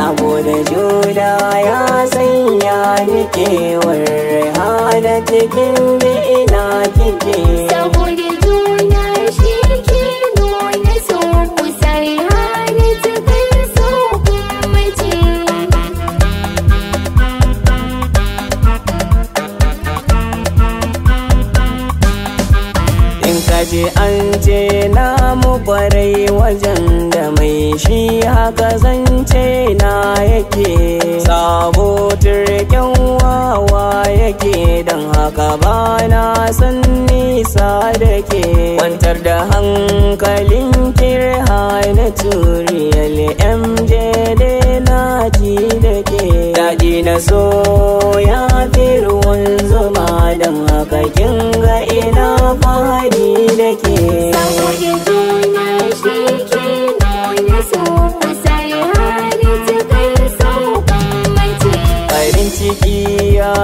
saboda juda ya sanya ni kewar hana cikin da ina kike saboda juna shi ke nuna so kusai hana cikin so mace in kaji an ce na mu kwarai wajen shi haka zance na yake sabo turken wawa yake don haka ba na san nisa da ke kwantar da hankalin kirha na turiyar mj da na ji da ke daji na so ya fi ruwan zuma don haka kin ga ina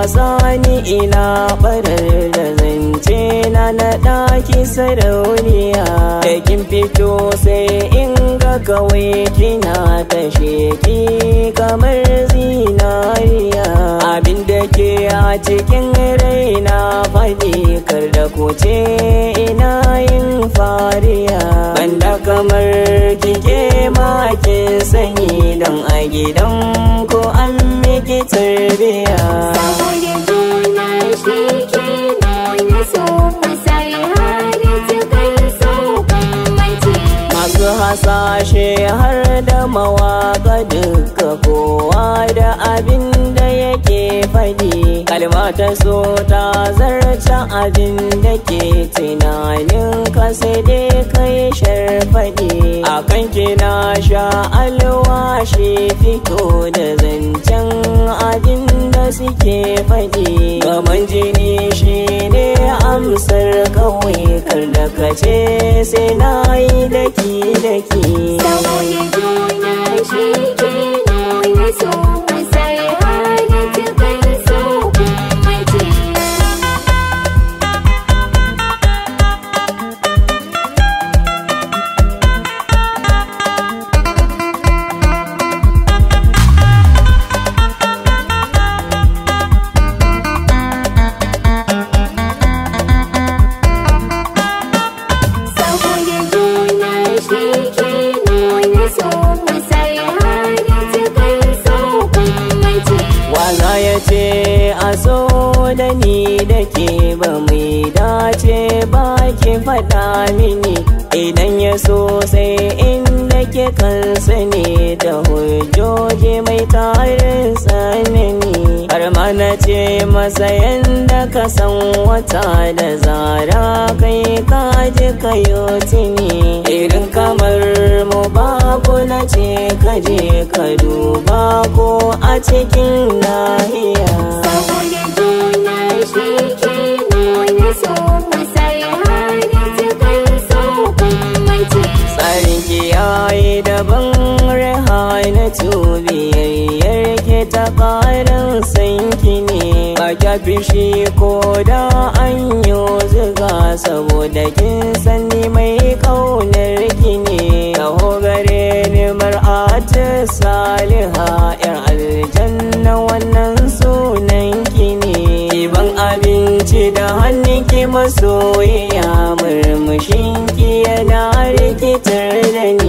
sani ina barar da zance na na ɗaki sarauniya da kin fito sai in ga kawai kina ta sheki kamar zinariya abin da ke a cikin raina faɗi kar da kuce ina yin fariya banda kamar kike ma ke sanyi don a gidan ku an tarbiya saboda juna shi ke masu hasashe har da mawaka duka kowa da abin da yake faɗi kalmata so ta zarta abin da ke tunanin ka sai dai kai sharfaɗi akan kina sha alwashi fito da suke faɗi gaman jini shi ne amsar kawai kar da kace sai na yi daki daki sauyin duniya shi so da ni da ke ba mai dace ba ke faɗa mini idan ya so sai inda ke kansa ne da hujjoji mai tarin tsanani har mana ce masa yadda ka san wata da zara kai ka ji kayo tini irin kamar mu babu na ce ka je ka duba ko a cikin lahiya. Sabo da juna shi ke na so ta ƙarin sanki ne Ka a shi ko da an yi zuga saboda kin sani mai ƙaunar ki ne ta gare ni mar'atu saliha yar aljanna wannan sunan ki ne ban abinci da hannun ki masoyiya murmushin ki yana rikitar da ni